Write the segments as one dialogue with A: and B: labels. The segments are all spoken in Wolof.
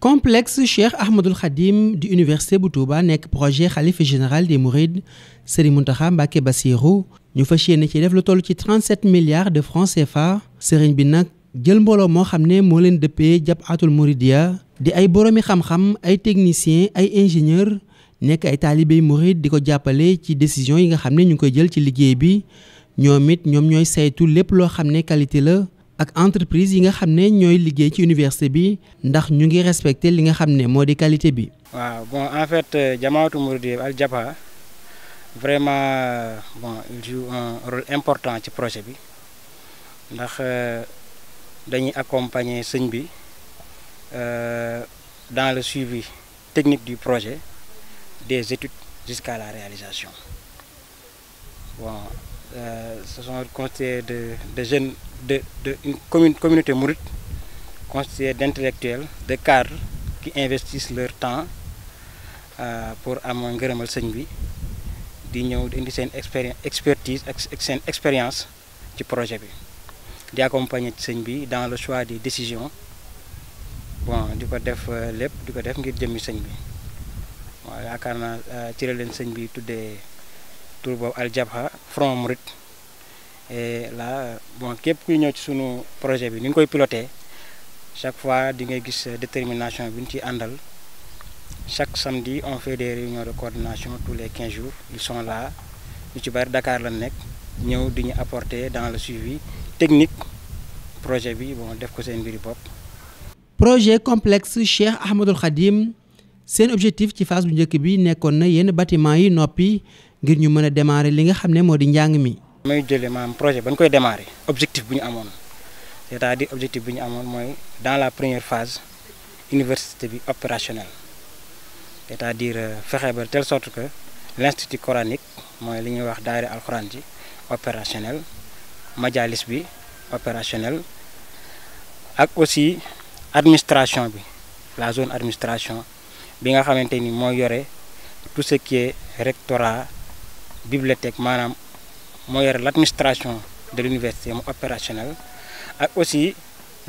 A: complexe Cheikh Ahmadul xadim di université bu Touba nekk projet xalifa général des Mourides Serigne Mountakha Mbacké Bassirou ñu fas yéene ci def lu toll ci 37 milliards de francs CFA Serigne bi nag jël mbooloo moo xam ne moo leen dëppee Jabaatul Mouridiya di ay boromi xam-xam ay techniciens ay ingénieurs nekk ay taalibey Mouride di ko jàppale ci décision yi nga xam ne ñu ngi koy jël ci liggéey bi ñoom it ñoom ñooy saytu lépp loo xam ne qualité la. ak entreprise yi nga xam ne ñooy liggéey ci université bi ndax ñu ngi respecté li nga xam ne moo di qualité bi.
B: waaw bon en fait euh, Jamaatu Mouride Al Jaba vraiment euh, bon il joue un rôle important ci projet bi ndax euh, dañuy accompagner sëñ bi dans le suivi technique du projet des études jusqu'à la réalisation Euh, ce sont constitués de, de jeunes, de, de une commune, communauté mourite constituée d'intellectuels, de cadres qui investissent leur temps euh, pour amoon ngërëmal sëñ bi di ñëw di indi seen expertise ak seen expérience ci projet bi di accompagner ci sëñ bi dans le choix des décision bon di ko def euh, lépp di ko def ngir jëmmi sëñ bi waaw yaakaar naa euh, ci la leen sëñ bi tuddee. tur boobu al jabha front murit et là bon képp kuy ñëw ci sunu projet bi ni ñu koy piloté chaque fois di ngay gis euh, détermination bi ñu ciy àndal chaque samedi on fait des réunions de coordination tous les quinze jours ils son la ñu ci bari Dakar la nekk ñëw di ñu apporter dans le suivi technique projet bi bon def ko seen mbiri bopp.
A: projet complexe Cheikh Ahmadoul Khadim seen objectif ci phase bu njëkk bi nekkoon na yenn bâtiment yi noppi. ngir ñu mën a démarrer li nga xam ne moo di njàng mi.
B: mooy jëlee maanaam projet ba ñu koy démarrer objectif bu ñu amoon c'est-à-dire objectif bu ñu amoon mooy dans la première phase université bi opérationnelle c'est-à-dire euh, fexe ba telle sorte que l'institut coranique mooy li ñuy wax daara alxuraan ji opérationnel majalis bi opérationnel ak aussi administration bi la zone administration bi nga xamante ni mooy yore tout ce rectorat bibliothèque maanaam moo yore l' administration de l' université mu opérationnel ak aussi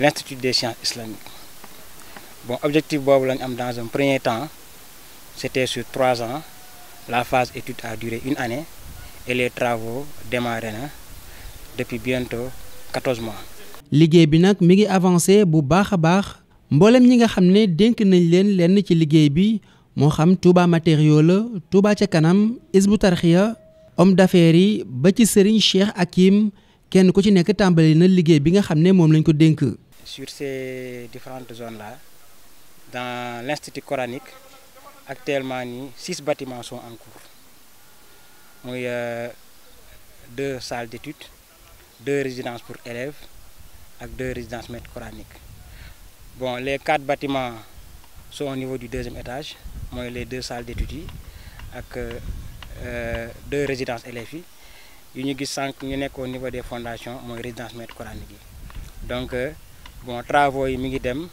B: l' de des sciences islamiques bon objectif boobu lañu am dans un premier temps c' était sur trois ans la phase étude a dure une année et les travaux démarré na depuis bientôt
A: 14 mois. liggéey bi nag mi ngi avancé bu baax a baax mboolem ñi nga xam ne dénk nañ leen lenn ci liggéey bi moo xam Touba matériaux la Touba ca kanam Hizbut Tarqiyyah homme d'affaires yi ba ci Serigne Cheikh Hakim kenn ku ci nekk tàmbali na liggéey bi nga xam ne moom lañ ko dénk.
B: sur ces différentes zones la dans l'institut coranique actuellement ni six bâtiments sont en cours muy euh, deux salles d'études deux résidences pour élèves ak deux résidences maîtres coraniques bon les quatre bâtiments sont au niveau du deuxième étage mooy les deux salles d'études yi ak. Euh, Euh, deux résidences élèves yi yu ñu gis sànq ñu nekk au niveau des fondations mooy résidence maître coranique yi donc euh, bon travaux yi mi ngi dem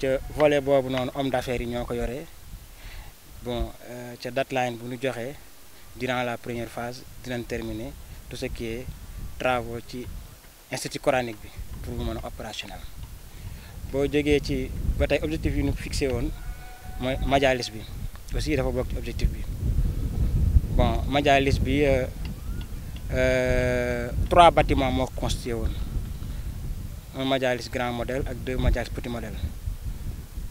B: ca volet boobu noonu homme d'affaires yi ñoo ko yore bon euh, ca deadline bu ñu joxee durant la première phase dinañ terminer tout ce qui est travaux ci institut coranique bi pour mu mën a opérationnel boo jegee ci ba tey objectif yi nu fixé woon mooy majalis bi aussi dafa bokk ci objectif bi bon majalis bi euh, euh, trois batiment moo ko constitué woon un majalis grand modèle ak deux majalis petit model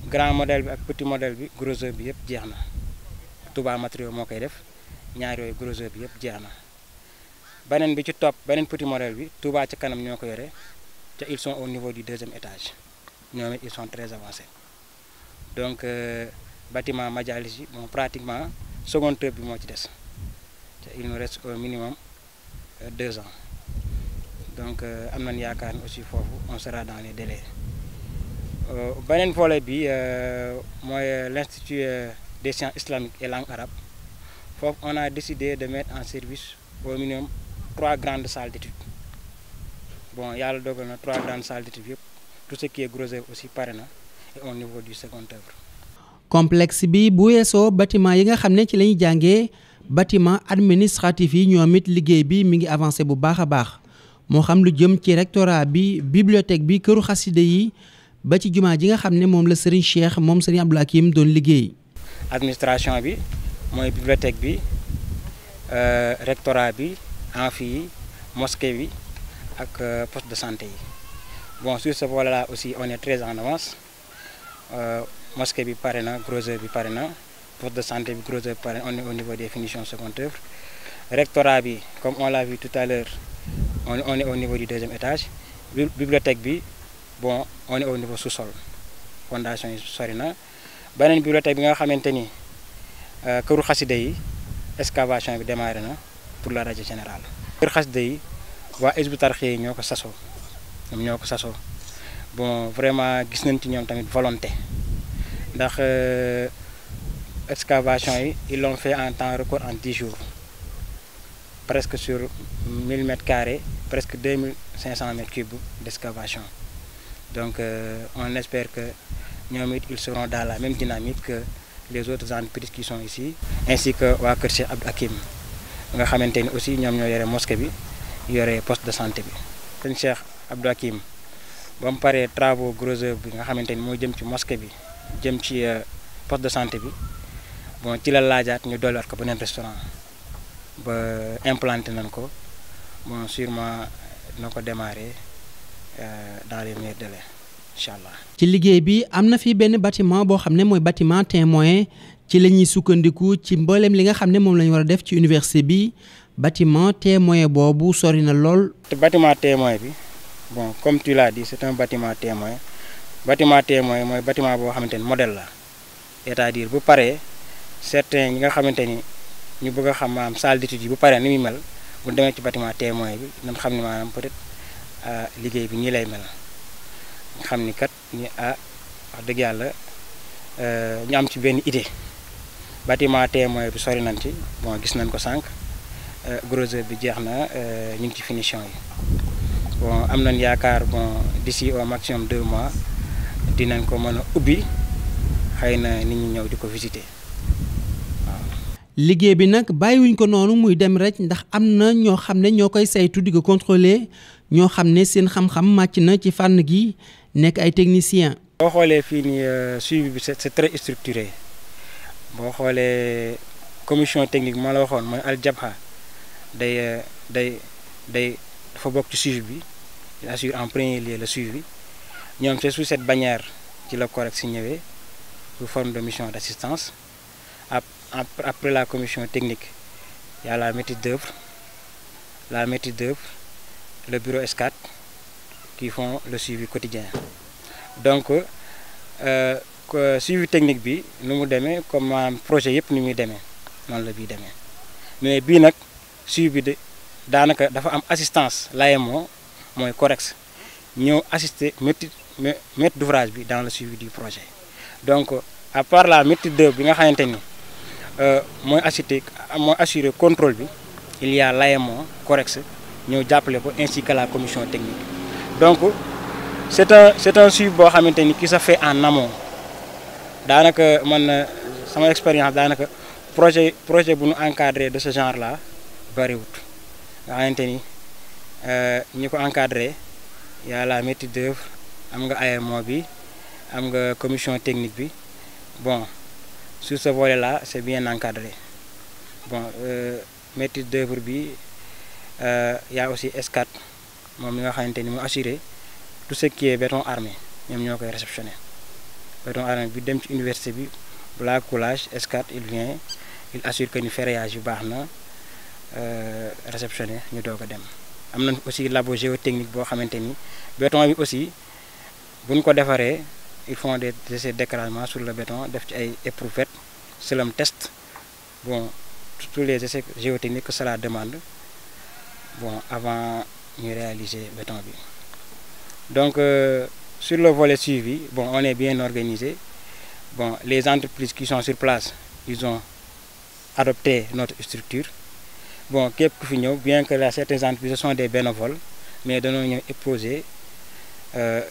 B: grand modèle bi ak petit modèle bi gros œuvre bi yëpp jeex na Touba matériaux moo koy def ñaar yooyu gros œuvre bi yëpp jeex na beneen bi ci topp beneen petit modèle bi Touba ci kanam ñoo ko yore te ils sont au niveau du deuxième étage ñoom it ils sont très avancés donc euh, batiment majalis yi moom pratiquement seconde œuvre bi moo ci des il nous reste au minimum euh, deux ans donc euh, am nañ yaakaar aussi foofu on sera dans les délais euh, beneen volet bi mooy l'institut des sciences islamiques et langue arabe foofu on a décidé de mettre en service au minimum trois grandes salles bon yàlla dogal na trois grandes salles d'études yëpp tout ce qui est gros œuvre aussi pare na et au niveau du
A: second œuvre complexe bi bu weesoo bâtiment yi nga xam ne ci la jànge bâtiment administratif yi ñoom it liggéey bi mi ngi avancé bu baax a baax moo xam lu jëm ci rectorat bi bibliothèque bi këru xaside yi ba ci jumaa ji nga xam ne moom la Serigne Cheikh moom Serigne Abdou Hakim doon liggéey.
B: administration bi mooy bibliothèque bi euh, rectorat bi amphi yi mosquée bi ak euh, poste de santé yi bon sur ce volet là aussi on est très en avance euh, mosquée bi pare na groseur bi pare na. poste de santé bi gros œuvre parrain on est au niveau des finitions seconde œuvre rectorat bi comme on l'a vu tout à l'heure on on est au niveau du deuxième étage bibliothèque bi bon on est au niveau sous-sol fondation yi sori na beneen bibliothèque bi nga xamante ni euh, këru xaside yi excavation bi démarré na pour la rajo générale këru xaside yi waa Hizbut Tarqiyyah yi ñoo ko sasoo ñoom ñoo ko sasoo bon vraiment gis nañ ci ñoom tamit volonté ndax euh, excavation yi ils l'ont fait en temps record en di jours presque sur mille mètres carrés presque deux mille cinq cent mètres cubes d'excavation donc euh, on espère que ñoom it ils seront dans la même dynamique que les autres entreprises qui sont ici ainsi que waa Kër Cheikh Abdou Hakim nga xamante ni aussi ñoom ñoo yore mosquée bi yore poste de santé bi sëñ Cheikh Abdou Hakim ba mu paree travaux gros bi nga xamante ni moo jëm ci mosquée bi jëm ci euh, post de santé bi bon ci la laajaat ñu dolliwaat ko beneen restaurant ba implanté nañ ko bon sûrement dina ko démarrer euh, dans les meilleurs délais allah.
A: ci liggéey bi am na fi benn batiment boo xam ne mooy bâtiment témoin ci la ñuy sukkandiku ci mbooleem li nga xam ne moom la ñu war a def ci université bi bâtiment témoin boobu sori na lool.
B: te bâtiment bi bon comme tu l'as dit c'est un bâtiment témoin bâtiment mooy batiment boo xamante ne modèle la cest à bu paree. certains ñi nga xamante ni ñu bëgg a xam maam salle d'étude yi bu paree ni muy mel bu demee ci bâtiment témoin bi nañ xam ne peut-être ah, liggéey bi nii lay mel xam ni kat ni ah wax dëgg yàlla euh, ñu am ci benn idée bâtiment témoin bi sori nañ ci bon gis nañ ko sànq euh, grosseur bi jeex na euh, ñu ngi ci finition yi bon am nañ yaakaar bon d'ici au maximum deux mois dinañ ko mën a ubbi xëy na nit ñu ñëw di ko visiter.
A: liggéey bi nag bàyyiwuñ ko noonu muy dem rek ndax am na ñoo xam ne ñoo koy saytu di ko contrôler ñoo xam ne seen xam-xam màcc na ci fànn gi nekk ay technicien
B: boo xoolee fii nii euh, suivi bi c'est très structuré boo xoolee commission technique moo la waxoon mooy aljabha day euh, day day dafa bokk ci suivi bi il assure en premier lieu le suivi ñoom c'est sous cette bannière ci la CORED si ñëwee sous forme de mission d'assistance après la commission technique, il y a la maîtrise d'œuvre, la maîtrise d'œuvre, le bureau S4 qui font le suivi quotidien. Donc, euh, que, suivi technique, bi, nous mu demain comme un projet, nous nous demain, non le bi demain. Mais bii nag suivi de daanaka dafa am assistance l'AMO mooy COREX ñëw assister maître maître d'ouvrage bi dans le suivi du projet donc à la maîtrise d'œuvre bi nga xamante ni. Euh, mooy assurer mooy assurer contrôle bi il y a l'AEMO COREX ñëw jàppale ko ainsi que la commission technique donc c'est un c'est un suivi boo xamante ni qui se fait en amont daanaka man na euh, sama expérience daanaka projet projet bu ñu encadré de ce genre là bariwut nga xamante ni euh, ñi ko encadré y a d'œuvre am nga AEMO bi am nga commission technique bi bon sur la volet-là c'est bien encadré bon euh, maîtrise d'œuvre bi euh, y a aussi s moom mi nga xamante ni mu assuré tout ce qui est béton armé ñoom ñoo koy réceptionné béton armé bi dem ci université bi balaa coulage S4 il vient il assure que ni ferraillage yu baax na euh, réceptionné ñu doog ko dem am nañ aussi labo géotechnique boo xamante ni béton bi aussi buñ ko defaree. ils font des essais d'écrasement sur le béton def ci ay éprouvettes slam test bon tous les essais géotechniques que cela demande bon avant ñu réaliser béton bi donc euh, sur le volet suivi bon on est bien organisé bon les entreprises qui son sur place ils ont adopté notre structure bon képp ku fi ñëw bien que là certaines entreprises ce sont des bénévoles mais dañoo ñëw exposer euh,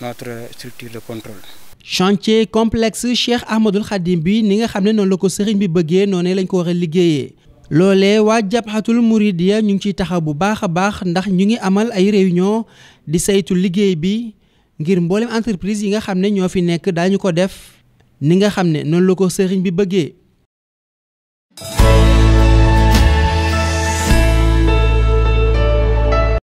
B: notre structure de contrôle.
A: chantier complexe Cheikh Ahmadoul Khadim bi ni nga xam ne noonu la ko sëriñ bi bëggee noonu lañ ko waxee a liggéeyee. loolee waa Jabhatul Muridiya ñu ngi ciy taxaw bu baax a baax ndax ñu ngi amal ay réunion di saytu liggéey bi ngir mboolem entreprise yi nga xam ne ñoo fi nekk daañu ko def ni nga xam ne noonu la ko sëriñ bi bëggee.